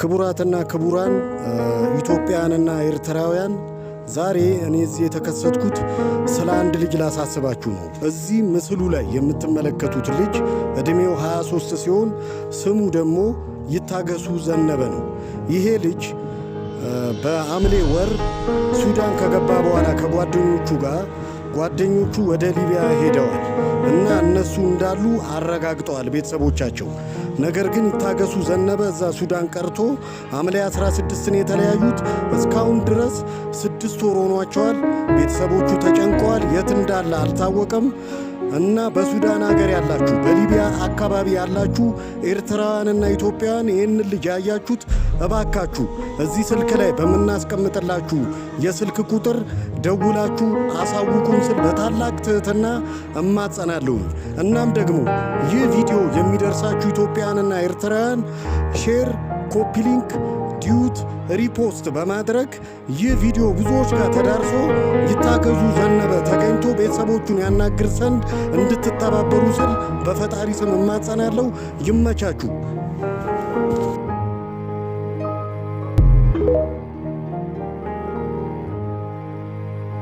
ክቡራትና ክቡራን ኢትዮጵያውያንና ኤርትራውያን ዛሬ እኔ እዚህ የተከሰትኩት ስለ አንድ ልጅ ላሳስባችሁ ነው። እዚህ ምስሉ ላይ የምትመለከቱት ልጅ ዕድሜው 23 ሲሆን ስሙ ደግሞ ይታገሱ ዘነበ ነው። ይሄ ልጅ በሐምሌ ወር ሱዳን ከገባ በኋላ ከጓደኞቹ ጋር ጓደኞቹ ወደ ሊቢያ ሄደዋል እና እነሱ እንዳሉ አረጋግጠዋል ቤተሰቦቻቸው። ነገር ግን ይታገሱ ዘነበ እዛ ሱዳን ቀርቶ ሐምሌ 16ን የተለያዩት እስካሁን ድረስ ስድስት ወር ሆኗቸዋል። ቤተሰቦቹ ተጨንቀዋል። የት እንዳለ አልታወቀም እና በሱዳን ሀገር ያላችሁ አካባቢ ያላችሁ ኤርትራውያንና ኢትዮጵያውያን ይህንን ልጅ ያያችሁት እባካችሁ እዚህ ስልክ ላይ በምናስቀምጥላችሁ የስልክ ቁጥር ደውላችሁ አሳውቁን ስል በታላቅ ትህትና እማጸናለሁ። እናም ደግሞ ይህ ቪዲዮ የሚደርሳችሁ ኢትዮጵያውያንና ኤርትራውያን ሼር፣ ኮፒ ሊንክ፣ ዲዩት፣ ሪፖስት በማድረግ ይህ ቪዲዮ ብዙዎች ጋር ተዳርሶ ይታገዙ ቤተሰቦቹን ያናግር ዘንድ እንድትተባበሩ ስል በፈጣሪ ስም እማጸናለሁ። ይመቻችሁ።